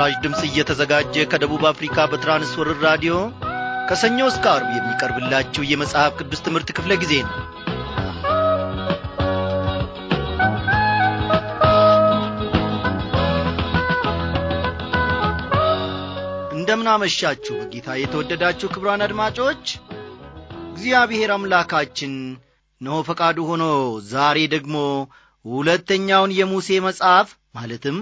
ለምስራች ድምፅ እየተዘጋጀ ከደቡብ አፍሪካ በትራንስወርር ራዲዮ ከሰኞ እስከ አርብ የሚቀርብላችሁ የመጽሐፍ ቅዱስ ትምህርት ክፍለ ጊዜ ነው እንደምናመሻችሁ በጌታ የተወደዳችሁ ክብራን አድማጮች እግዚአብሔር አምላካችን ነሆ ፈቃዱ ሆኖ ዛሬ ደግሞ ሁለተኛውን የሙሴ መጽሐፍ ማለትም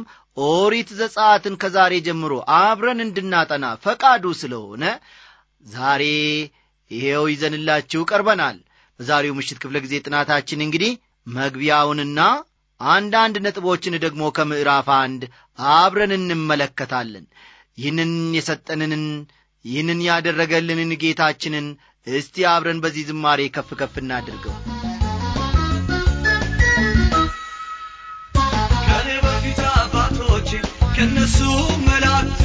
ኦሪት ዘጸአትን ከዛሬ ጀምሮ አብረን እንድናጠና ፈቃዱ ስለሆነ ዛሬ ይሄው ይዘንላችሁ ቀርበናል። በዛሬው ምሽት ክፍለ ጊዜ ጥናታችን እንግዲህ መግቢያውንና አንዳንድ ነጥቦችን ደግሞ ከምዕራፍ አንድ አብረን እንመለከታለን። ይህንን የሰጠንንን ይህንን ያደረገልንን ጌታችንን እስቲ አብረን በዚህ ዝማሬ ከፍ ከፍ እናድርገው። ከነሱ መላእክት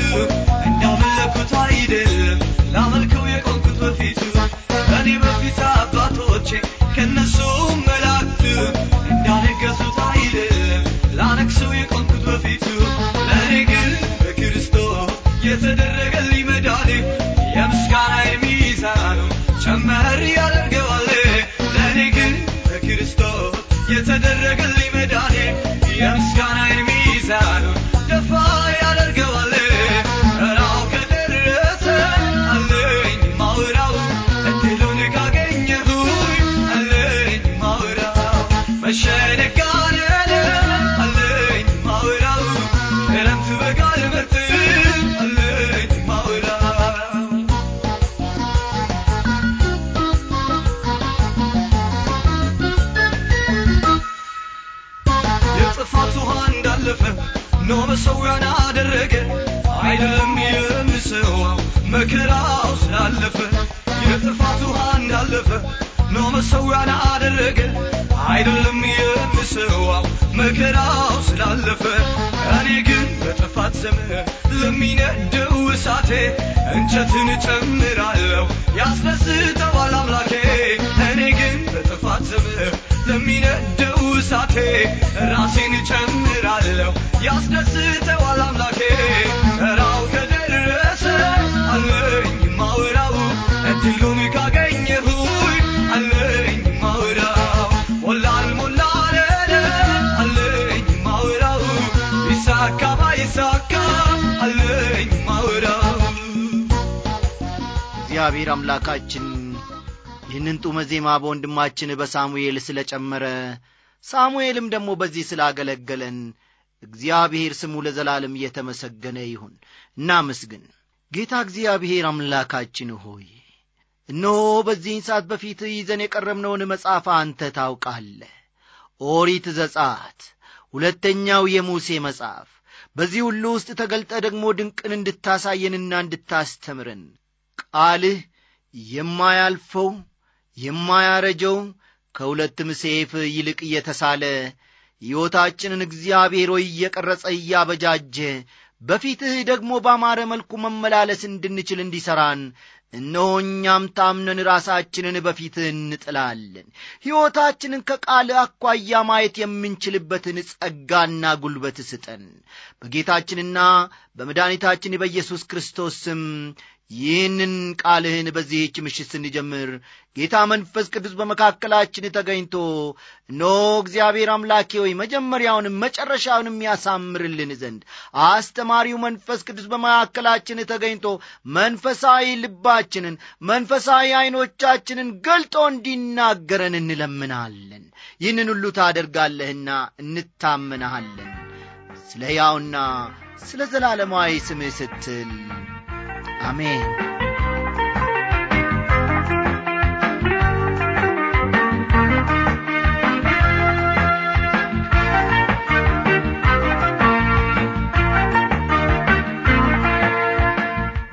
እንዳመለኩት አይደለም ላመልከው የቆምኩት በፊቱ ከኔ በፊት አባቶቼ ከነሱ መላእክት እንዳነገሱት አይደለም ላነግሰው የቆምኩት በፊቱ ለእኔ ግን በክርስቶስ የተደረገልኝ መዳኔ የምስጋና የሚዛኑ ጨመር ያደርገዋል ለእኔ ግን በክርስቶስ የተደረገልኝ እግዚአብሔር አምላካችን ይህንን ጡመ ዜማ በወንድማችን በሳሙኤል ስለ ጨመረ ሳሙኤልም ደግሞ በዚህ ስላገለገለን እግዚአብሔር ስሙ ለዘላለም እየተመሰገነ ይሁን እናመስግን ጌታ እግዚአብሔር አምላካችን ሆይ እነሆ በዚህን ሰዓት በፊት ይዘን የቀረብነውን መጽሐፍ አንተ ታውቃለ ኦሪት ዘጻት ሁለተኛው የሙሴ መጽሐፍ በዚህ ሁሉ ውስጥ ተገልጠ ደግሞ ድንቅን እንድታሳየንና እንድታስተምረን ቃልህ የማያልፈው የማያረጀው ከሁለትም ሴፍ ይልቅ እየተሳለ ሕይወታችንን እግዚአብሔር ሆይ እየቀረጸ እያበጃጀ በፊትህ ደግሞ ባማረ መልኩ መመላለስ እንድንችል እንዲሠራን እነሆ እኛም ታምነን ራሳችንን በፊትህ እንጥላለን። ሕይወታችንን ከቃል አኳያ ማየት የምንችልበትን ጸጋና ጉልበት ስጠን። በጌታችንና በመድኃኒታችን በኢየሱስ ክርስቶስ ስም ይህንን ቃልህን በዚህች ምሽት ስንጀምር ጌታ መንፈስ ቅዱስ በመካከላችን ተገኝቶ ኖ እግዚአብሔር አምላኬ ሆይ መጀመሪያውንም መጨረሻውንም ያሳምርልን ዘንድ አስተማሪው መንፈስ ቅዱስ በመካከላችን ተገኝቶ መንፈሳዊ ልባችንን መንፈሳዊ ዐይኖቻችንን ገልጦ እንዲናገረን እንለምናለን። ይህንን ሁሉ ታደርጋለህና እንታመናሃለን። ስለ ሕያውና ስለ ዘላለማዊ ስምህ ስትል Amén.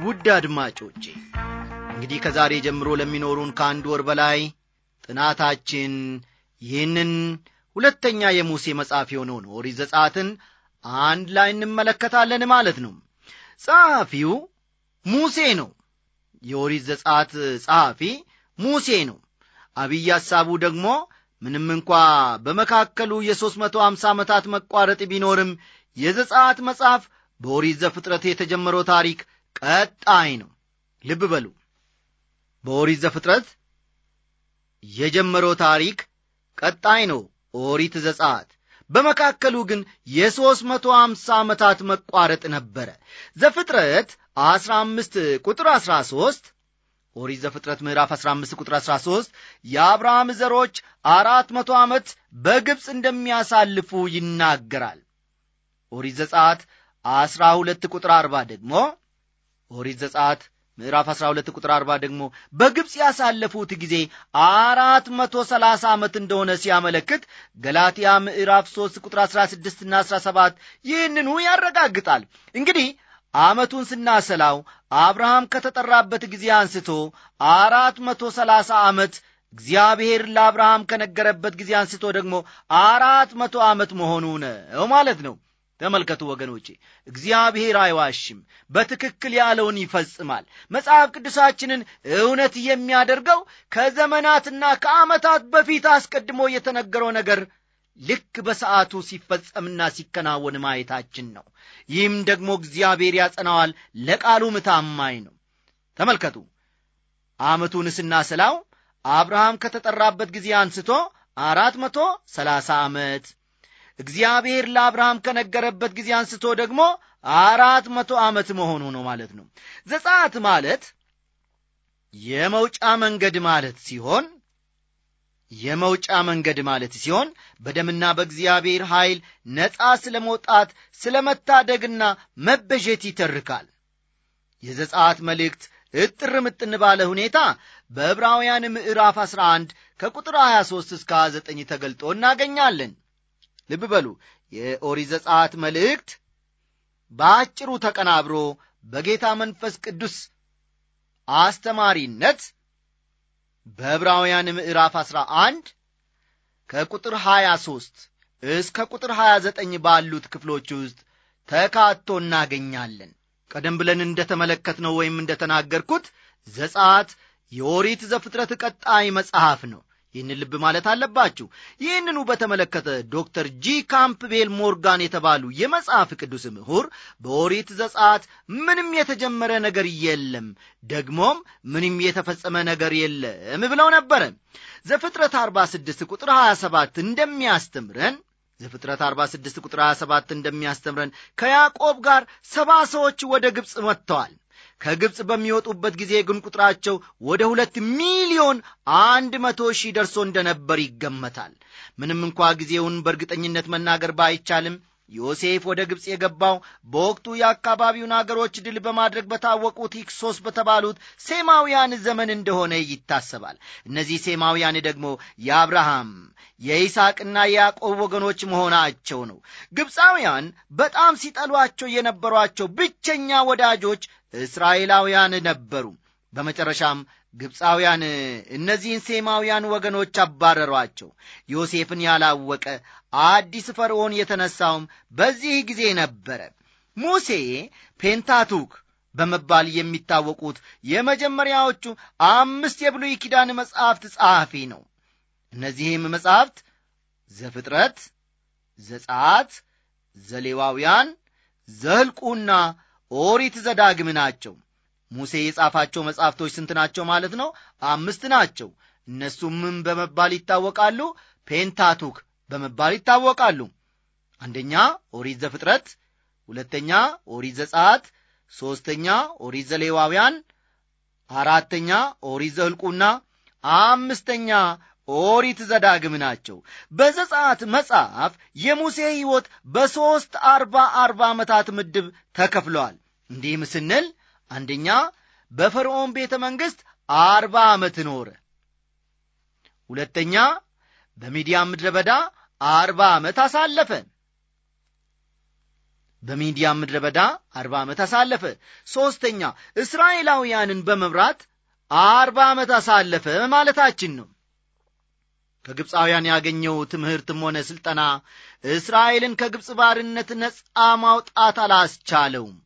ውድ አድማጮቼ እንግዲህ ከዛሬ ጀምሮ ለሚኖሩን ከአንድ ወር በላይ ጥናታችን ይህንን ሁለተኛ የሙሴ መጽሐፍ የሆነውን ኦሪት ዘጸአትን አንድ ላይ እንመለከታለን ማለት ነው ጸሐፊው ሙሴ ነው። የኦሪት ዘጸአት ጸሐፊ ሙሴ ነው። አብይ ሐሳቡ ደግሞ ምንም እንኳ በመካከሉ የሦስት መቶ አምሳ ዓመታት መቋረጥ ቢኖርም የዘጸአት መጽሐፍ በኦሪት ዘፍጥረት የተጀመረው ታሪክ ቀጣይ ነው። ልብ በሉ። በኦሪት ዘፍጥረት የጀመረው ታሪክ ቀጣይ ነው። ኦሪት ዘጸአት በመካከሉ ግን የሦስት መቶ አምሳ ዓመታት መቋረጥ ነበረ። ዘፍጥረት አስራ አምስት ቁጥር አስራ ኦሪት ዘፍጥረት ምዕራፍ 15 ቁጥር 13 የአብርሃም ዘሮች አራት መቶ ዓመት በግብፅ እንደሚያሳልፉ ይናገራል። ኦሪት ዘጸአት 12 ቁጥር 40 ደግሞ ኦሪት ዘጸአት ምዕራፍ 12 ቁጥር 40 ደግሞ በግብፅ ያሳለፉት ጊዜ አራት መቶ ዓመት እንደሆነ ሲያመለክት ገላትያ ምዕራፍ 3 ቁጥር 16 እና 17 ይህንኑ ያረጋግጣል። እንግዲህ ዓመቱን ስናሰላው አብርሃም ከተጠራበት ጊዜ አንስቶ አራት መቶ ሰላሳ ዓመት እግዚአብሔር ለአብርሃም ከነገረበት ጊዜ አንስቶ ደግሞ አራት መቶ ዓመት መሆኑ ነው ማለት ነው። ተመልከቱ ወገኖቼ፣ እግዚአብሔር አይዋሽም፣ በትክክል ያለውን ይፈጽማል። መጽሐፍ ቅዱሳችንን እውነት የሚያደርገው ከዘመናትና ከዓመታት በፊት አስቀድሞ የተነገረው ነገር ልክ በሰዓቱ ሲፈጸምና ሲከናወን ማየታችን ነው። ይህም ደግሞ እግዚአብሔር ያጸናዋል፣ ለቃሉ ምታማኝ ነው። ተመልከቱ፣ ዓመቱን ስናሰላው አብርሃም ከተጠራበት ጊዜ አንስቶ አራት መቶ ሰላሳ ዓመት እግዚአብሔር ለአብርሃም ከነገረበት ጊዜ አንስቶ ደግሞ አራት መቶ ዓመት መሆኑ ነው ማለት ነው። ዘጸአት ማለት የመውጫ መንገድ ማለት ሲሆን የመውጫ መንገድ ማለት ሲሆን በደምና በእግዚአብሔር ኃይል ነፃ ስለ መውጣት ስለ መታደግና መበዠት ይተርካል። የዘጻት መልእክት እጥር ምጥን ባለ ሁኔታ በዕብራውያን ምዕራፍ 11 ከቁጥር 23 እስከ 29 ተገልጦ እናገኛለን። ልብ በሉ የኦሪ ዘጻት መልእክት በአጭሩ ተቀናብሮ በጌታ መንፈስ ቅዱስ አስተማሪነት በዕብራውያን ምዕራፍ 11 ከቁጥር 23 እስከ ቁጥር 29 ባሉት ክፍሎች ውስጥ ተካቶ እናገኛለን። ቀደም ብለን እንደ ተመለከትነው ወይም እንደ ተናገርኩት ዘጸአት የኦሪት ዘፍጥረት ቀጣይ መጽሐፍ ነው። ይህን ልብ ማለት አለባችሁ። ይህንኑ በተመለከተ ዶክተር ጂ ካምፕቤል ሞርጋን የተባሉ የመጽሐፍ ቅዱስ ምሁር በኦሪት ዘጸአት ምንም የተጀመረ ነገር የለም፣ ደግሞም ምንም የተፈጸመ ነገር የለም ብለው ነበረ። ዘፍጥረት 46 ቁጥር 27 እንደሚያስተምረን ዘፍጥረት 46 ቁጥር 27 እንደሚያስተምረን ከያዕቆብ ጋር ሰባ ሰዎች ወደ ግብፅ መጥተዋል። ከግብፅ በሚወጡበት ጊዜ ግን ቁጥራቸው ወደ ሁለት ሚሊዮን አንድ መቶ ሺህ ደርሶ እንደነበር ይገመታል። ምንም እንኳ ጊዜውን በእርግጠኝነት መናገር ባይቻልም ዮሴፍ ወደ ግብፅ የገባው በወቅቱ የአካባቢውን አገሮች ድል በማድረግ በታወቁት ሂክሶስ በተባሉት ሴማውያን ዘመን እንደሆነ ይታሰባል። እነዚህ ሴማውያን ደግሞ የአብርሃም የይስሐቅና የያዕቆብ ወገኖች መሆናቸው ነው። ግብፃውያን በጣም ሲጠሏቸው የነበሯቸው ብቸኛ ወዳጆች እስራኤላውያን ነበሩ። በመጨረሻም ግብፃውያን እነዚህን ሴማውያን ወገኖች አባረሯቸው። ዮሴፍን ያላወቀ አዲስ ፈርዖን የተነሳውም በዚህ ጊዜ ነበረ። ሙሴ ፔንታቱክ በመባል የሚታወቁት የመጀመሪያዎቹ አምስት የብሉይ ኪዳን መጽሐፍት ጸሐፊ ነው። እነዚህም መጽሐፍት ዘፍጥረት፣ ዘጻት ዘሌዋውያን፣ ዘህልቁና ኦሪት ዘዳግም ናቸው። ሙሴ የጻፋቸው መጻሕፍቶች ስንት ናቸው ማለት ነው? አምስት ናቸው። እነሱም ምን በመባል ይታወቃሉ? ፔንታቱክ በመባል ይታወቃሉ። አንደኛ ኦሪት ዘፍጥረት፣ ሁለተኛ ኦሪት ዘጸአት፣ ሦስተኛ ኦሪት ዘሌዋውያን፣ አራተኛ ኦሪት ዘኍልቍና፣ አምስተኛ ኦሪት ዘዳግም ናቸው። በዘጸአት መጽሐፍ የሙሴ ሕይወት በሦስት አርባ አርባ ዓመታት ምድብ ተከፍለዋል። እንዲህም ስንል አንደኛ በፈርዖን ቤተ መንግሥት አርባ ዓመት ኖረ። ሁለተኛ በሚዲያም ምድረ በዳ አርባ ዓመት አሳለፈ። በሚዲያም ምድረ በዳ አርባ ዓመት አሳለፈ። ሦስተኛ እስራኤላውያንን በመምራት አርባ ዓመት አሳለፈ ማለታችን ነው። ከግብፃውያን ያገኘው ትምህርትም ሆነ ሥልጠና እስራኤልን ከግብፅ ባርነት ነፃ ማውጣት አላስቻለውም።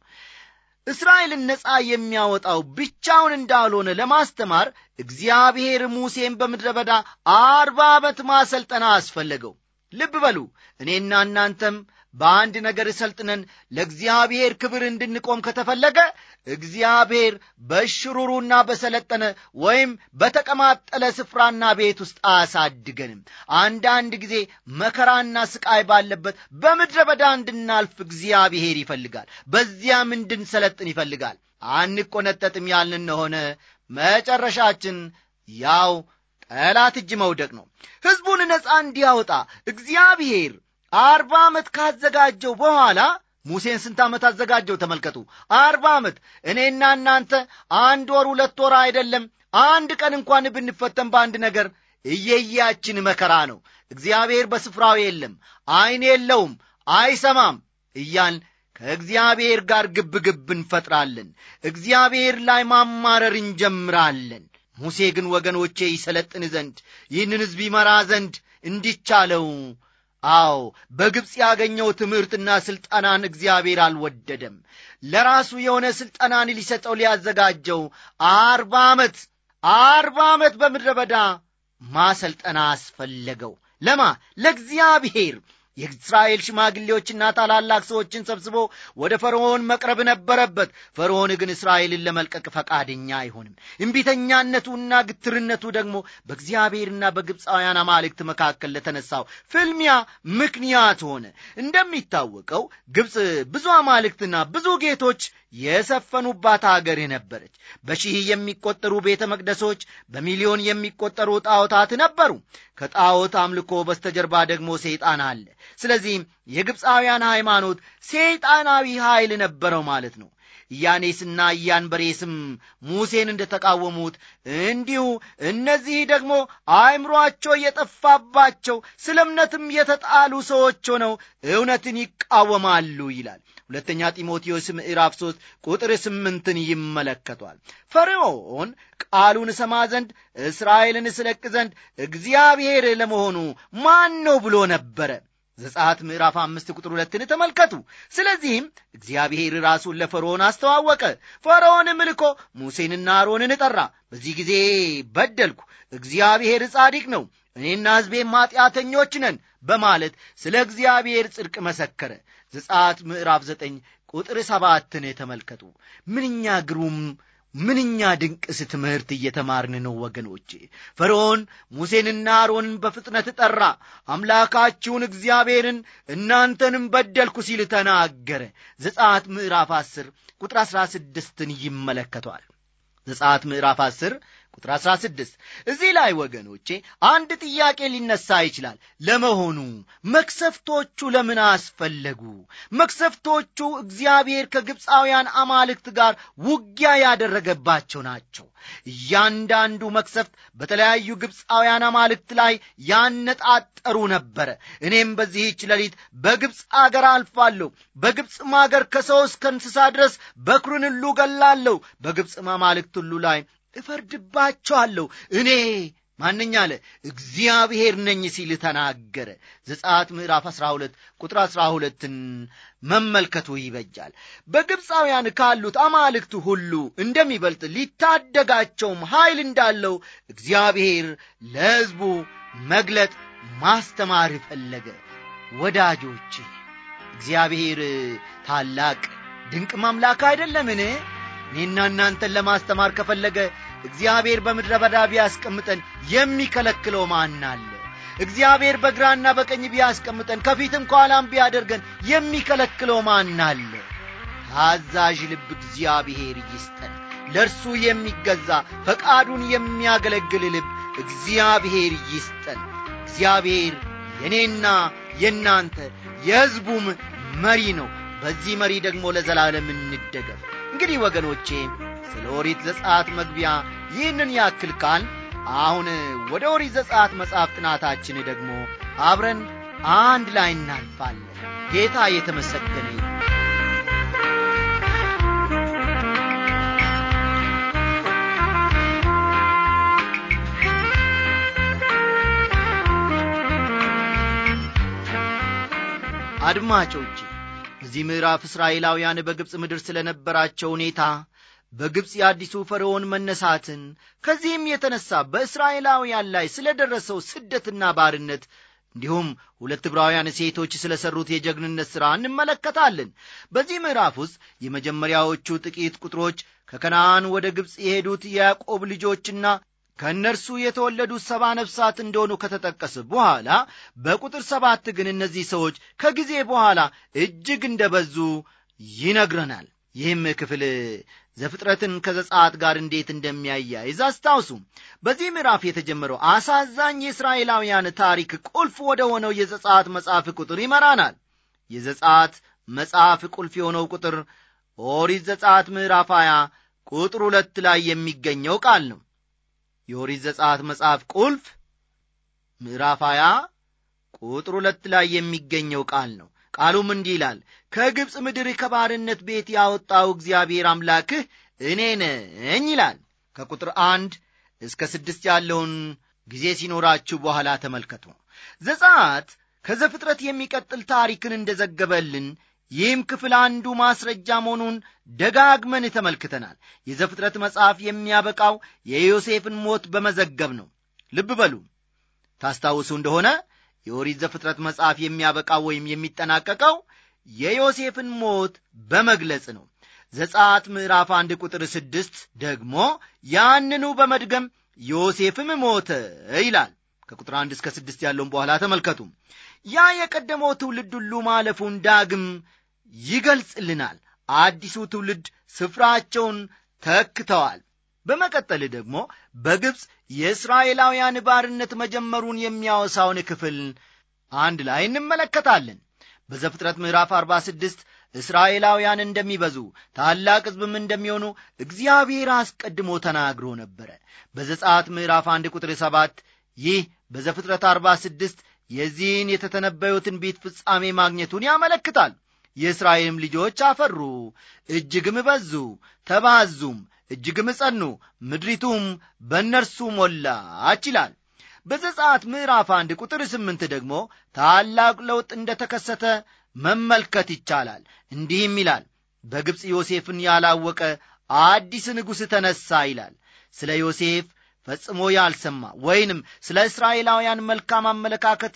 እስራኤልን ነፃ የሚያወጣው ብቻውን እንዳልሆነ ለማስተማር እግዚአብሔር ሙሴን በምድረ በዳ አርባ ዓመት ማሰልጠና አስፈለገው። ልብ በሉ እኔና እናንተም በአንድ ነገር ሰልጥነን ለእግዚአብሔር ክብር እንድንቆም ከተፈለገ እግዚአብሔር በሽሩሩና በሰለጠነ ወይም በተቀማጠለ ስፍራና ቤት ውስጥ አያሳድገንም። አንዳንድ ጊዜ መከራና ስቃይ ባለበት በምድረ በዳ እንድናልፍ እግዚአብሔር ይፈልጋል። በዚያም እንድንሰለጥን ይፈልጋል። አንቆነጠጥም ያልን ሆነ መጨረሻችን ያው ጠላት እጅ መውደቅ ነው። ሕዝቡን ነፃ እንዲያወጣ እግዚአብሔር አርባ ዓመት ካዘጋጀው በኋላ ሙሴን ስንት ዓመት አዘጋጀው? ተመልከቱ። አርባ ዓመት። እኔና እናንተ አንድ ወር ሁለት ወር አይደለም፣ አንድ ቀን እንኳን ብንፈተን በአንድ ነገር እየያችን መከራ ነው። እግዚአብሔር በስፍራው የለም፣ ዐይን የለውም፣ አይሰማም እያል ከእግዚአብሔር ጋር ግብ ግብ እንፈጥራለን። እግዚአብሔር ላይ ማማረር እንጀምራለን። ሙሴ ግን ወገኖቼ ይሰለጥን ዘንድ ይህንን ሕዝብ ይመራ ዘንድ እንዲቻለው አዎ በግብፅ ያገኘው ትምህርትና ሥልጠናን እግዚአብሔር አልወደደም። ለራሱ የሆነ ሥልጠናን ሊሰጠው ሊያዘጋጀው አርባ ዓመት አርባ ዓመት በምድረ በዳ ማሰልጠና አስፈለገው። ለማ ለእግዚአብሔር የእስራኤል ሽማግሌዎችና ታላላቅ ሰዎችን ሰብስቦ ወደ ፈርዖን መቅረብ ነበረበት። ፈርዖን ግን እስራኤልን ለመልቀቅ ፈቃደኛ አይሆንም። እምቢተኛነቱና ግትርነቱ ደግሞ በእግዚአብሔርና በግብፃውያን አማልክት መካከል ለተነሳው ፍልሚያ ምክንያት ሆነ። እንደሚታወቀው ግብፅ ብዙ አማልክትና ብዙ ጌቶች የሰፈኑባት አገር ነበረች። በሺህ የሚቆጠሩ ቤተ መቅደሶች፣ በሚሊዮን የሚቆጠሩ ጣዖታት ነበሩ። ከጣዖት አምልኮ በስተጀርባ ደግሞ ሰይጣን አለ። ስለዚህም የግብፃውያን ሃይማኖት ሰይጣናዊ ኃይል ነበረው ማለት ነው። ያኔስና ያንበሬስም ሙሴን እንደ ተቃወሙት እንዲሁ እነዚህ ደግሞ አእምሮአቸው የጠፋባቸው ስለ እምነትም የተጣሉ ሰዎች ሆነው እውነትን ይቃወማሉ ይላል ሁለተኛ ጢሞቴዎስ ምዕራፍ 3 ቁጥር ስምንትን ይመለከቷል። ፈርዖን ቃሉን እሰማ ዘንድ እስራኤልን ስለቅ ዘንድ እግዚአብሔር ለመሆኑ ማን ነው ብሎ ነበረ? ዘጸአት ምዕራፍ አምስት ቁጥር ሁለትን ተመልከቱ። ስለዚህም እግዚአብሔር ራሱን ለፈርዖን አስተዋወቀ። ፈርዖንም ልኮ ሙሴንና አሮንን ጠራ። በዚህ ጊዜ በደልኩ፣ እግዚአብሔር ጻድቅ ነው፣ እኔና ሕዝቤም ማጢአተኞች ነን በማለት ስለ እግዚአብሔር ጽድቅ መሰከረ። ዘጸአት ምዕራፍ ዘጠኝ ቁጥር ሰባትን ተመልከቱ። ምንኛ ግሩም ምንኛ ድንቅስ ትምህርት እየተማርን ነው ወገኖቼ። ፈርዖን ሙሴንና አሮንን በፍጥነት ጠራ። አምላካችሁን እግዚአብሔርን እናንተንም በደልኩ ሲል ተናገረ። ዘጸአት ምዕራፍ 10 ቁጥር 16ን ይመለከቷል። ዘጸአት ምዕራፍ 10 ቁጥር 16 እዚህ ላይ ወገኖቼ አንድ ጥያቄ ሊነሳ ይችላል። ለመሆኑ መክሰፍቶቹ ለምን አስፈለጉ? መክሰፍቶቹ እግዚአብሔር ከግብፃውያን አማልክት ጋር ውጊያ ያደረገባቸው ናቸው። እያንዳንዱ መክሰፍት በተለያዩ ግብፃውያን አማልክት ላይ ያነጣጠሩ ነበረ። እኔም በዚህች ሌሊት በግብፅ አገር አልፋለሁ፣ በግብፅም አገር ከሰው እስከ እንስሳ ድረስ በኩርን ሁሉ ገላለሁ፣ በግብፅም አማልክት ሁሉ ላይ እፈርድባቸዋለሁ እኔ ማንኛ አለ እግዚአብሔር ነኝ ሲል ተናገረ። ዘጻት ምዕራፍ 12 ቁጥር 12ን መመልከቱ ይበጃል። በግብፃውያን ካሉት አማልክቱ ሁሉ እንደሚበልጥ ሊታደጋቸውም ኃይል እንዳለው እግዚአብሔር ለሕዝቡ መግለጥ ማስተማር ፈለገ። ወዳጆች እግዚአብሔር ታላቅ ድንቅ ማምላክ አይደለምን? እኔና እናንተን ለማስተማር ከፈለገ እግዚአብሔር በምድረ በዳ ቢያስቀምጠን የሚከለክለው ማን አለ? እግዚአብሔር በግራና በቀኝ ቢያስቀምጠን ከፊትም ከኋላም ቢያደርገን የሚከለክለው ማን አለ? ታዛዥ ልብ እግዚአብሔር ይስጠን። ለእርሱ የሚገዛ ፈቃዱን የሚያገለግል ልብ እግዚአብሔር ይስጠን። እግዚአብሔር የእኔና የእናንተ የሕዝቡም መሪ ነው። በዚህ መሪ ደግሞ ለዘላለም እንደገፍ። እንግዲህ ወገኖቼ ስለ ኦሪት ዘጻት መግቢያ ይህንን ያክል ቃል አሁን ወደ ኦሪት ዘጻት መጽሐፍ ጥናታችን ደግሞ አብረን አንድ ላይ እናልፋለን። ጌታ የተመሰገነ አድማጮቼ፣ እዚህ ምዕራፍ እስራኤላውያን በግብፅ ምድር ስለ ነበራቸው ሁኔታ በግብፅ የአዲሱ ፈርዖን መነሳትን ከዚህም የተነሳ በእስራኤላውያን ላይ ስለ ደረሰው ስደትና ባርነት እንዲሁም ሁለት ዕብራውያን ሴቶች ስለ ሠሩት የጀግንነት ሥራ እንመለከታለን። በዚህ ምዕራፍ ውስጥ የመጀመሪያዎቹ ጥቂት ቁጥሮች ከከነአን ወደ ግብፅ የሄዱት የያዕቆብ ልጆችና ከእነርሱ የተወለዱት ሰባ ነፍሳት እንደሆኑ ከተጠቀሰ በኋላ በቁጥር ሰባት ግን እነዚህ ሰዎች ከጊዜ በኋላ እጅግ እንደ በዙ ይነግረናል። ይህም ክፍል ዘፍጥረትን ከዘጻት ጋር እንዴት እንደሚያያይዝ አስታውሱ። በዚህ ምዕራፍ የተጀመረው አሳዛኝ የእስራኤላውያን ታሪክ ቁልፍ ወደ ሆነው የዘጻት መጽሐፍ ቁጥር ይመራናል። የዘጻት መጽሐፍ ቁልፍ የሆነው ቁጥር ኦሪት ዘጻት ምዕራፍ 20 ቁጥር ሁለት ላይ የሚገኘው ቃል ነው። የኦሪት ዘጻት መጽሐፍ ቁልፍ ምዕራፍ 20 ቁጥር ሁለት ላይ የሚገኘው ቃል ነው። ቃሉም እንዲህ ይላል ከግብፅ ምድር ከባርነት ቤት ያወጣው እግዚአብሔር አምላክህ እኔ ነኝ ይላል ከቁጥር አንድ እስከ ስድስት ያለውን ጊዜ ሲኖራችሁ በኋላ ተመልከቱ ዘጻት ከዘፍጥረት የሚቀጥል ታሪክን እንደዘገበልን ይህም ክፍል አንዱ ማስረጃ መሆኑን ደጋግመን ተመልክተናል የዘፍጥረት መጽሐፍ የሚያበቃው የዮሴፍን ሞት በመዘገብ ነው ልብ በሉ ታስታውሱ እንደሆነ የኦሪት ዘፍጥረት መጽሐፍ የሚያበቃው ወይም የሚጠናቀቀው የዮሴፍን ሞት በመግለጽ ነው። ዘጻት ምዕራፍ አንድ ቁጥር ስድስት ደግሞ ያንኑ በመድገም ዮሴፍም ሞተ ይላል። ከቁጥር አንድ እስከ ስድስት ያለውን በኋላ ተመልከቱ። ያ የቀደመው ትውልድ ሁሉ ማለፉን ዳግም ይገልጽልናል። አዲሱ ትውልድ ስፍራቸውን ተክተዋል። በመቀጠል ደግሞ በግብፅ የእስራኤላውያን ባርነት መጀመሩን የሚያወሳውን ክፍል አንድ ላይ እንመለከታለን። በዘፍጥረት ምዕራፍ 46 እስራኤላውያን እንደሚበዙ ታላቅ ሕዝብም እንደሚሆኑ እግዚአብሔር አስቀድሞ ተናግሮ ነበረ። በዘጻት ምዕራፍ 1 ቁጥር 7 ይህ በዘፍጥረት 46 የዚህን የተተነበዩትን ቤት ፍጻሜ ማግኘቱን ያመለክታል። የእስራኤልም ልጆች አፈሩ፣ እጅግም በዙ፣ ተባዙም፣ እጅግም ጸኑ፣ ምድሪቱም በእነርሱ ሞላች ይላል። በዘጸአት ምዕራፍ አንድ ቁጥር ስምንት ደግሞ ታላቅ ለውጥ እንደ ተከሰተ መመልከት ይቻላል። እንዲህም ይላል በግብፅ ዮሴፍን ያላወቀ አዲስ ንጉሥ ተነሣ ይላል። ስለ ዮሴፍ ፈጽሞ ያልሰማ ወይንም ስለ እስራኤላውያን መልካም አመለካከት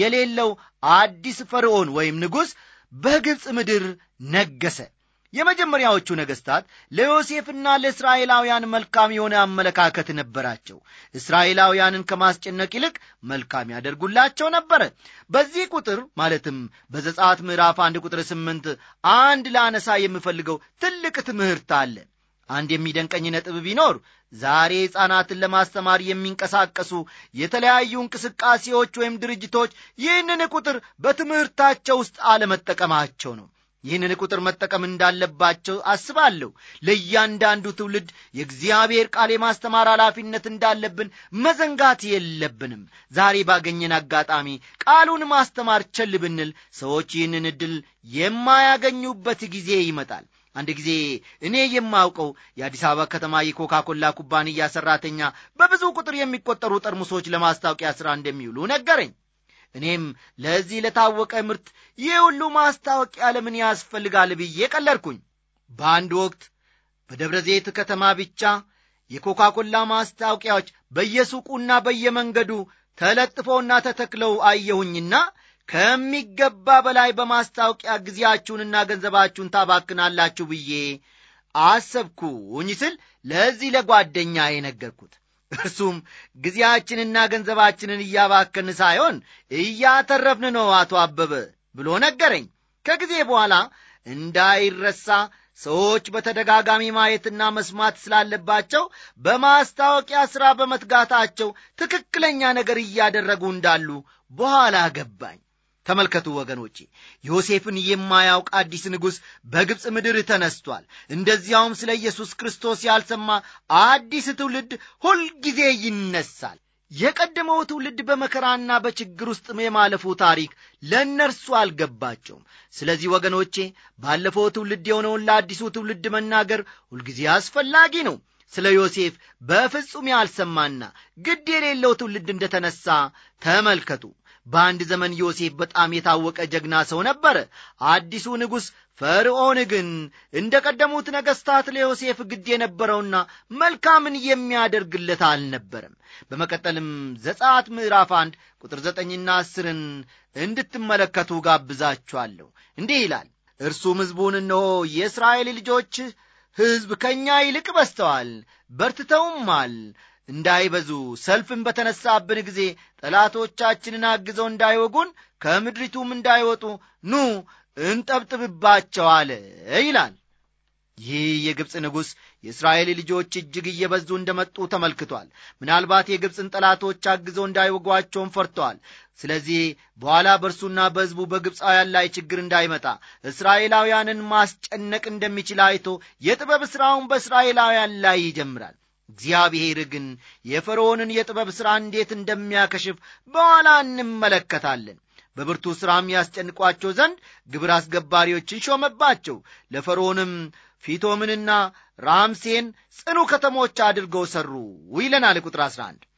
የሌለው አዲስ ፈርዖን ወይም ንጉሥ በግብፅ ምድር ነገሰ። የመጀመሪያዎቹ ነገሥታት ለዮሴፍና ለእስራኤላውያን መልካም የሆነ አመለካከት ነበራቸው። እስራኤላውያንን ከማስጨነቅ ይልቅ መልካም ያደርጉላቸው ነበረ። በዚህ ቁጥር ማለትም በዘጸአት ምዕራፍ አንድ ቁጥር ስምንት አንድ ላነሳ የምፈልገው ትልቅ ትምህርት አለ። አንድ የሚደንቀኝ ነጥብ ቢኖር ዛሬ ሕፃናትን ለማስተማር የሚንቀሳቀሱ የተለያዩ እንቅስቃሴዎች ወይም ድርጅቶች ይህንን ቁጥር በትምህርታቸው ውስጥ አለመጠቀማቸው ነው። ይህንን ቁጥር መጠቀም እንዳለባቸው አስባለሁ። ለእያንዳንዱ ትውልድ የእግዚአብሔር ቃል የማስተማር ኃላፊነት እንዳለብን መዘንጋት የለብንም። ዛሬ ባገኘን አጋጣሚ ቃሉን ማስተማር ቸል ብንል ሰዎች ይህንን ዕድል የማያገኙበት ጊዜ ይመጣል። አንድ ጊዜ እኔ የማውቀው የአዲስ አበባ ከተማ የኮካ ኮላ ኩባንያ ሠራተኛ በብዙ ቁጥር የሚቆጠሩ ጠርሙሶች ለማስታወቂያ ሥራ እንደሚውሉ ነገረኝ። እኔም ለዚህ ለታወቀ ምርት ይህ ሁሉ ማስታወቂያ ለምን ያስፈልጋል ብዬ ቀለድኩኝ። በአንድ ወቅት በደብረ ዘይት ከተማ ብቻ የኮካ ኮላ ማስታወቂያዎች በየሱቁና በየመንገዱ ተለጥፈውና ተተክለው አየሁኝና ከሚገባ በላይ በማስታወቂያ ጊዜያችሁንና ገንዘባችሁን ታባክናላችሁ ብዬ አሰብኩኝ ስል ለዚህ ለጓደኛ የነገርኩት። እርሱም ጊዜያችንና ገንዘባችንን እያባከን ሳይሆን እያተረፍን ነው አቶ አበበ ብሎ ነገረኝ። ከጊዜ በኋላ እንዳይረሳ ሰዎች በተደጋጋሚ ማየትና መስማት ስላለባቸው በማስታወቂያ ሥራ በመትጋታቸው ትክክለኛ ነገር እያደረጉ እንዳሉ በኋላ ገባኝ። ተመልከቱ ወገኖቼ፣ ዮሴፍን የማያውቅ አዲስ ንጉሥ በግብፅ ምድር ተነስቷል። እንደዚያውም ስለ ኢየሱስ ክርስቶስ ያልሰማ አዲስ ትውልድ ሁልጊዜ ይነሳል። የቀደመው ትውልድ በመከራና በችግር ውስጥ የማለፉ ታሪክ ለእነርሱ አልገባቸውም። ስለዚህ ወገኖቼ ባለፈው ትውልድ የሆነውን ለአዲሱ ትውልድ መናገር ሁልጊዜ አስፈላጊ ነው። ስለ ዮሴፍ በፍጹም ያልሰማና ግድ የሌለው ትውልድ እንደተነሳ ተመልከቱ። በአንድ ዘመን ዮሴፍ በጣም የታወቀ ጀግና ሰው ነበረ። አዲሱ ንጉሥ ፈርዖን ግን እንደ ቀደሙት ነገሥታት ለዮሴፍ ግድ የነበረውና መልካምን የሚያደርግለት አልነበረም። በመቀጠልም ዘጸአት ምዕራፍ አንድ ቁጥር ዘጠኝና አስርን እንድትመለከቱ ጋብዛችኋለሁ። እንዲህ ይላል እርሱም ሕዝቡን እነሆ የእስራኤል ልጆች ሕዝብ ከእኛ ይልቅ በዝተዋል፣ አል እንዳይበዙ ሰልፍን በተነሳብን ጊዜ ጠላቶቻችንን አግዘው እንዳይወጉን ከምድሪቱም እንዳይወጡ ኑ እንጠብጥብባቸው አለ ይላል ይህ የግብፅ ንጉሥ የእስራኤል ልጆች እጅግ እየበዙ እንደመጡ ተመልክቷል ምናልባት የግብፅን ጠላቶች አግዘው እንዳይወጓቸውን ፈርተዋል ስለዚህ በኋላ በእርሱና በሕዝቡ በግብፃውያን ላይ ችግር እንዳይመጣ እስራኤላውያንን ማስጨነቅ እንደሚችል አይቶ የጥበብ ሥራውን በእስራኤላውያን ላይ ይጀምራል እግዚአብሔር ግን የፈርዖንን የጥበብ ሥራ እንዴት እንደሚያከሽፍ በኋላ እንመለከታለን። በብርቱ ሥራም ያስጨንቋቸው ዘንድ ግብር አስገባሪዎችን ሾመባቸው። ለፈርዖንም ፊቶምንና ራምሴን ጽኑ ከተሞች አድርገው ሠሩ ይለናል ቁጥር 11።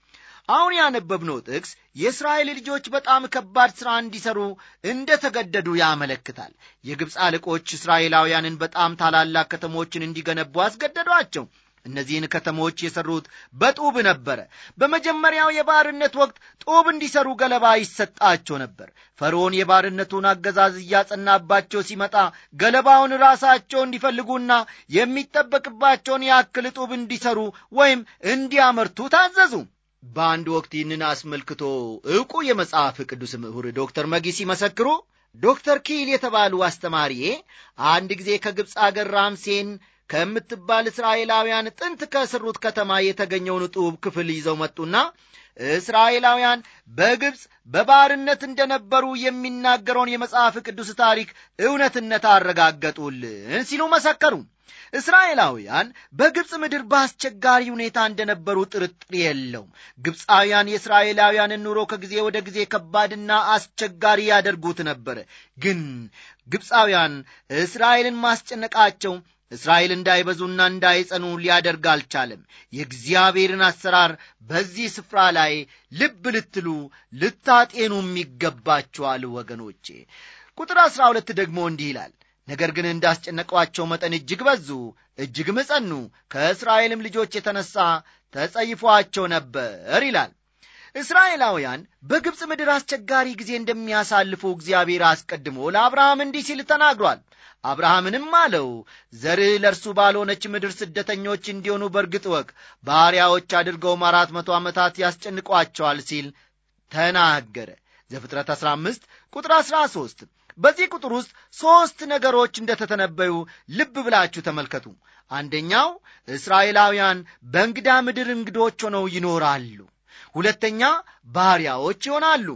አሁን ያነበብነው ጥቅስ የእስራኤል ልጆች በጣም ከባድ ሥራ እንዲሠሩ እንደ ተገደዱ ያመለክታል። የግብፅ አለቆች እስራኤላውያንን በጣም ታላላቅ ከተሞችን እንዲገነቡ አስገደዷቸው። እነዚህን ከተሞች የሠሩት በጡብ ነበረ። በመጀመሪያው የባርነት ወቅት ጡብ እንዲሠሩ ገለባ ይሰጣቸው ነበር። ፈርዖን የባርነቱን አገዛዝ እያጸናባቸው ሲመጣ ገለባውን ራሳቸው እንዲፈልጉና የሚጠበቅባቸውን ያክል ጡብ እንዲሠሩ ወይም እንዲያመርቱ ታዘዙ። በአንድ ወቅት ይህንን አስመልክቶ ዕውቁ የመጽሐፍ ቅዱስ ምሁር ዶክተር መጊ ሲመሰክሩ ዶክተር ኪል የተባሉ አስተማሪዬ አንድ ጊዜ ከግብፅ አገር ራምሴን ከምትባል እስራኤላውያን ጥንት ከስሩት ከተማ የተገኘውን ጡብ ክፍል ይዘው መጡና እስራኤላውያን በግብፅ በባርነት እንደነበሩ የሚናገረውን የመጽሐፍ ቅዱስ ታሪክ እውነትነት አረጋገጡልን ሲሉ መሰከሩ። እስራኤላውያን በግብፅ ምድር በአስቸጋሪ ሁኔታ እንደነበሩ ጥርጥር የለውም። ግብፃውያን የእስራኤላውያንን ኑሮ ከጊዜ ወደ ጊዜ ከባድና አስቸጋሪ ያደርጉት ነበር። ግን ግብፃውያን እስራኤልን ማስጨነቃቸው እስራኤል እንዳይበዙና እንዳይጸኑ ሊያደርግ አልቻለም። የእግዚአብሔርን አሰራር በዚህ ስፍራ ላይ ልብ ልትሉ ልታጤኑም ይገባችኋል ወገኖቼ። ቁጥር አሥራ ሁለት ደግሞ እንዲህ ይላል ነገር ግን እንዳስጨነቋቸው መጠን እጅግ በዙ፣ እጅግም ጸኑ፣ ከእስራኤልም ልጆች የተነሣ ተጸይፏቸው ነበር ይላል። እስራኤላውያን በግብፅ ምድር አስቸጋሪ ጊዜ እንደሚያሳልፉ እግዚአብሔር አስቀድሞ ለአብርሃም እንዲህ ሲል ተናግሯል። አብርሃምንም አለው ዘርህ ለእርሱ ባልሆነች ምድር ስደተኞች እንዲሆኑ በእርግጥ ወቅ ባሪያዎች አድርገውም አራት መቶ ዓመታት ያስጨንቋቸዋል ሲል ተናገረ ዘፍጥረት 15 ቁጥር 13 በዚህ ቁጥር ውስጥ ሦስት ነገሮች እንደተተነበዩ ልብ ብላችሁ ተመልከቱ አንደኛው እስራኤላውያን በእንግዳ ምድር እንግዶች ሆነው ይኖራሉ ሁለተኛ ባሪያዎች ይሆናሉ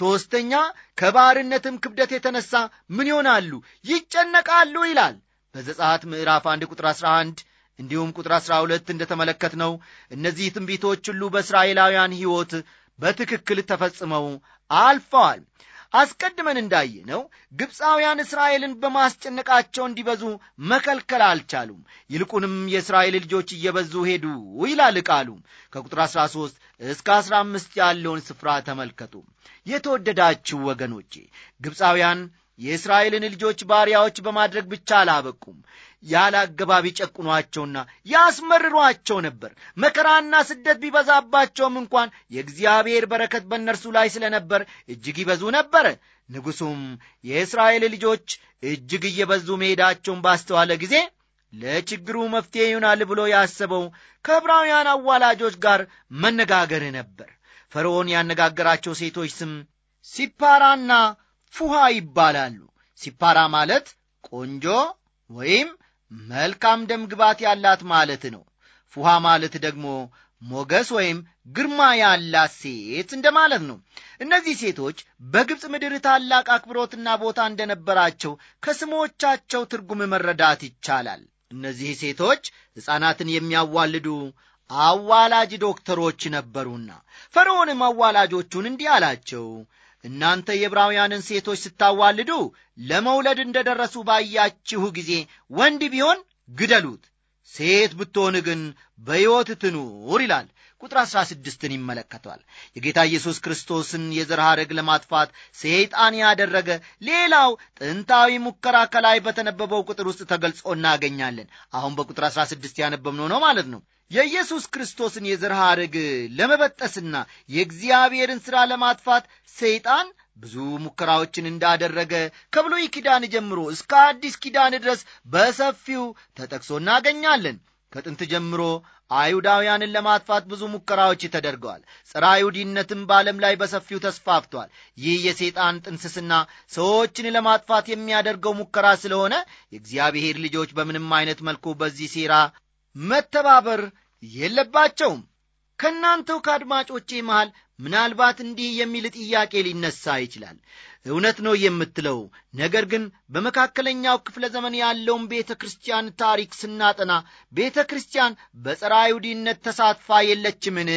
ሦስተኛ ከባርነትም ክብደት የተነሳ ምን ይሆናሉ? ይጨነቃሉ ይላል በዘጸአት ምዕራፍ 1 ቁጥር 11 እንዲሁም ቁጥር 12 ነው እነዚህ ትንቢቶች ሁሉ በእስራኤላውያን ሕይወት በትክክል ተፈጽመው አልፈዋል። አስቀድመን ነው ግብፃውያን እስራኤልን በማስጨነቃቸው እንዲበዙ መከልከል አልቻሉም። ይልቁንም የእስራኤል ልጆች እየበዙ ሄዱ ይላል ቃሉ። ከቁጥር 13 እስከ 15 ያለውን ስፍራ ተመልከቱ። የተወደዳችሁ ወገኖቼ ግብፃውያን የእስራኤልን ልጆች ባሪያዎች በማድረግ ብቻ አላበቁም ያለ አገባብ ይጨቁኗቸውና ያስመርሯቸው ነበር መከራና ስደት ቢበዛባቸውም እንኳን የእግዚአብሔር በረከት በእነርሱ ላይ ስለነበር እጅግ ይበዙ ነበረ ንጉሡም የእስራኤል ልጆች እጅግ እየበዙ መሄዳቸውን ባስተዋለ ጊዜ ለችግሩ መፍትሄ ይሆናል ብሎ ያሰበው ከዕብራውያን አዋላጆች ጋር መነጋገር ነበር ፈርዖን ያነጋገራቸው ሴቶች ስም ሲፓራና ፉሃ ይባላሉ። ሲፓራ ማለት ቆንጆ ወይም መልካም ደም ግባት ያላት ማለት ነው። ፉሃ ማለት ደግሞ ሞገስ ወይም ግርማ ያላት ሴት እንደማለት ነው። እነዚህ ሴቶች በግብፅ ምድር ታላቅ አክብሮትና ቦታ እንደነበራቸው ከስሞቻቸው ትርጉም መረዳት ይቻላል። እነዚህ ሴቶች ሕፃናትን የሚያዋልዱ አዋላጅ ዶክተሮች ነበሩና ፈርዖንም አዋላጆቹን እንዲህ አላቸው እናንተ የዕብራውያንን ሴቶች ስታዋልዱ ለመውለድ እንደ ደረሱ ባያችሁ ጊዜ ወንድ ቢሆን ግደሉት፣ ሴት ብትሆን ግን በሕይወት ትኑር ይላል። ቁጥር አሥራ ስድስትን ይመለከቷል። የጌታ ኢየሱስ ክርስቶስን የዘር ሐረግ ለማጥፋት ሰይጣን ያደረገ ሌላው ጥንታዊ ሙከራ ከላይ በተነበበው ቁጥር ውስጥ ተገልጾ እናገኛለን። አሁን በቁጥር 16 ያነበብነው ነው ማለት ነው። የኢየሱስ ክርስቶስን የዘር ሐረግ ለመበጠስና የእግዚአብሔርን ሥራ ለማጥፋት ሰይጣን ብዙ ሙከራዎችን እንዳደረገ ከብሉይ ኪዳን ጀምሮ እስከ አዲስ ኪዳን ድረስ በሰፊው ተጠቅሶ እናገኛለን። ከጥንት ጀምሮ አይሁዳውያንን ለማጥፋት ብዙ ሙከራዎች ተደርገዋል። ጸረ አይሁዲነትም በዓለም ላይ በሰፊው ተስፋፍቷል። ይህ የሰይጣን ጥንስስና ሰዎችን ለማጥፋት የሚያደርገው ሙከራ ስለሆነ የእግዚአብሔር ልጆች በምንም አይነት መልኩ በዚህ ሴራ መተባበር የለባቸውም። ከእናንተው ከአድማጮቼ መሃል ምናልባት እንዲህ የሚል ጥያቄ ሊነሳ ይችላል። እውነት ነው የምትለው፣ ነገር ግን በመካከለኛው ክፍለ ዘመን ያለውን ቤተ ክርስቲያን ታሪክ ስናጠና ቤተ ክርስቲያን በጸረ አይሁዲነት ተሳትፋ የለችምን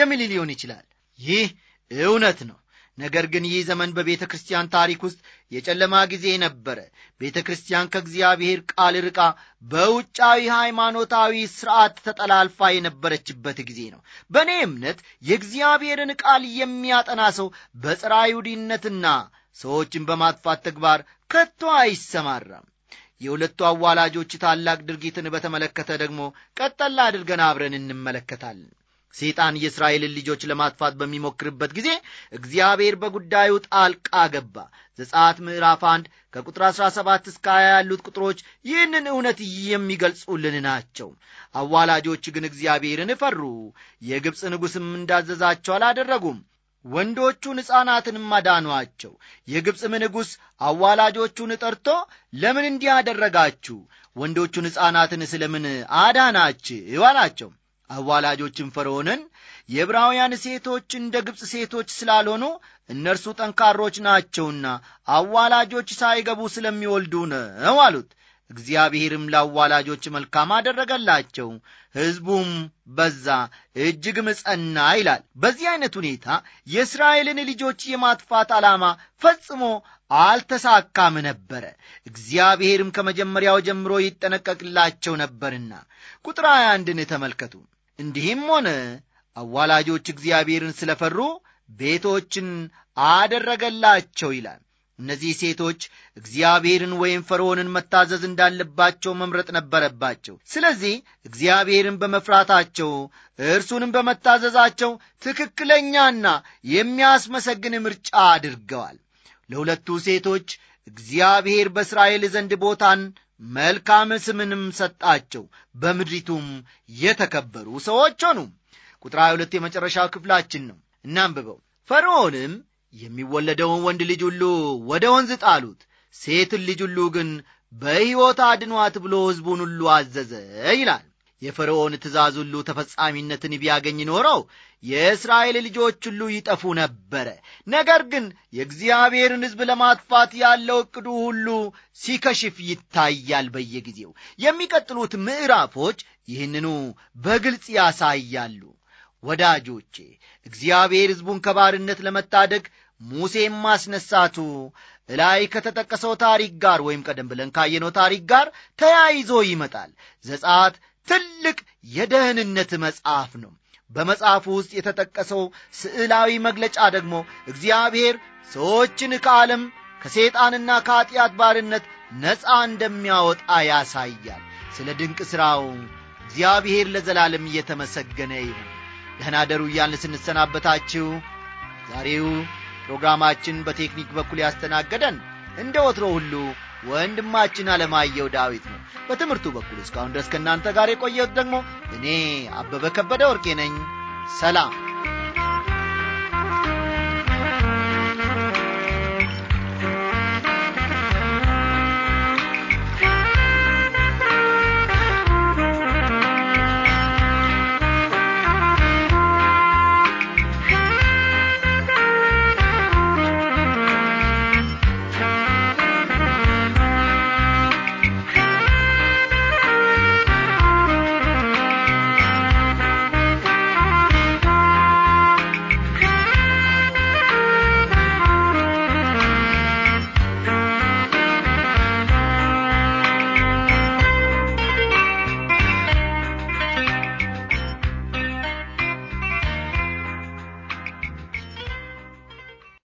የሚል ሊሆን ይችላል። ይህ እውነት ነው። ነገር ግን ይህ ዘመን በቤተ ክርስቲያን ታሪክ ውስጥ የጨለማ ጊዜ ነበረ። ቤተ ክርስቲያን ከእግዚአብሔር ቃል ርቃ በውጫዊ ሃይማኖታዊ ሥርዓት ተጠላልፋ የነበረችበት ጊዜ ነው። በእኔ እምነት የእግዚአብሔርን ቃል የሚያጠና ሰው በጸረ አይሁዲነትና ሰዎችን በማጥፋት ተግባር ከቶ አይሰማራም። የሁለቱ አዋላጆች ታላቅ ድርጊትን በተመለከተ ደግሞ ቀጠላ አድርገን አብረን እንመለከታለን። ሰይጣን የእስራኤልን ልጆች ለማጥፋት በሚሞክርበት ጊዜ እግዚአብሔር በጉዳዩ ጣልቃ ገባ። ዘጸአት ምዕራፍ አንድ ከቁጥር 17 እስከ 20 ያሉት ቁጥሮች ይህንን እውነት የሚገልጹልን ናቸው። አዋላጆች ግን እግዚአብሔርን ፈሩ፣ የግብፅ ንጉሥም እንዳዘዛቸው አላደረጉም። ወንዶቹን ሕፃናትንም አዳኗቸው። የግብፅም ንጉሥ አዋላጆቹን ጠርቶ ለምን እንዲህ አደረጋችሁ? ወንዶቹን ሕፃናትን ስለምን አዳናችሁ? አላቸው። አዋላጆችን ፈርዖንን የዕብራውያን ሴቶች እንደ ግብፅ ሴቶች ስላልሆኑ እነርሱ ጠንካሮች ናቸውና አዋላጆች ሳይገቡ ስለሚወልዱ ነው አሉት። እግዚአብሔርም ለአዋላጆች መልካም አደረገላቸው፣ ሕዝቡም በዛ እጅግም ጸና ይላል። በዚህ ዐይነት ሁኔታ የእስራኤልን ልጆች የማጥፋት ዓላማ ፈጽሞ አልተሳካም ነበረ። እግዚአብሔርም ከመጀመሪያው ጀምሮ ይጠነቀቅላቸው ነበርና ቁጥር 21 አንድን ተመልከቱ። እንዲህም ሆነ አዋላጆች እግዚአብሔርን ስለ ፈሩ ቤቶችን አደረገላቸው ይላል። እነዚህ ሴቶች እግዚአብሔርን ወይም ፈርዖንን መታዘዝ እንዳለባቸው መምረጥ ነበረባቸው። ስለዚህ እግዚአብሔርን በመፍራታቸው እርሱንም በመታዘዛቸው ትክክለኛና የሚያስመሰግን ምርጫ አድርገዋል። ለሁለቱ ሴቶች እግዚአብሔር በእስራኤል ዘንድ ቦታን መልካም ስምንም ሰጣቸው፣ በምድሪቱም የተከበሩ ሰዎች ሆኑ። ቁጥር 22 የመጨረሻው ክፍላችን ነው። እናንብበው። ፈርዖንም የሚወለደውን ወንድ ልጅ ሁሉ ወደ ወንዝ ጣሉት፣ ሴትን ልጅ ሁሉ ግን በሕይወት አድኗት ብሎ ሕዝቡን ሁሉ አዘዘ ይላል። የፈርዖን ትእዛዝ ሁሉ ተፈጻሚነትን ቢያገኝ ኖረው የእስራኤል ልጆች ሁሉ ይጠፉ ነበረ። ነገር ግን የእግዚአብሔርን ሕዝብ ለማጥፋት ያለው ዕቅዱ ሁሉ ሲከሽፍ ይታያል። በየጊዜው የሚቀጥሉት ምዕራፎች ይህንኑ በግልጽ ያሳያሉ። ወዳጆቼ እግዚአብሔር ሕዝቡን ከባርነት ለመታደግ ሙሴን ማስነሳቱ እላይ ከተጠቀሰው ታሪክ ጋር ወይም ቀደም ብለን ካየነው ታሪክ ጋር ተያይዞ ይመጣል። ዘጸአት ትልቅ የደህንነት መጽሐፍ ነው። በመጽሐፉ ውስጥ የተጠቀሰው ስዕላዊ መግለጫ ደግሞ እግዚአብሔር ሰዎችን ከዓለም ከሰይጣንና ከኀጢአት ባርነት ነፃ እንደሚያወጣ ያሳያል። ስለ ድንቅ ሥራው እግዚአብሔር ለዘላለም እየተመሰገነ ይሁን። ደህና ደሩ እያልን ስንሰናበታችሁ ዛሬው ፕሮግራማችን በቴክኒክ በኩል ያስተናገደን እንደ ወትሮ ሁሉ ወንድማችን አለማየሁ ዳዊት ነው። በትምህርቱ በኩል እስካሁን ድረስ ከእናንተ ጋር የቆየሁት ደግሞ እኔ አበበ ከበደ ወርቄ ነኝ። ሰላም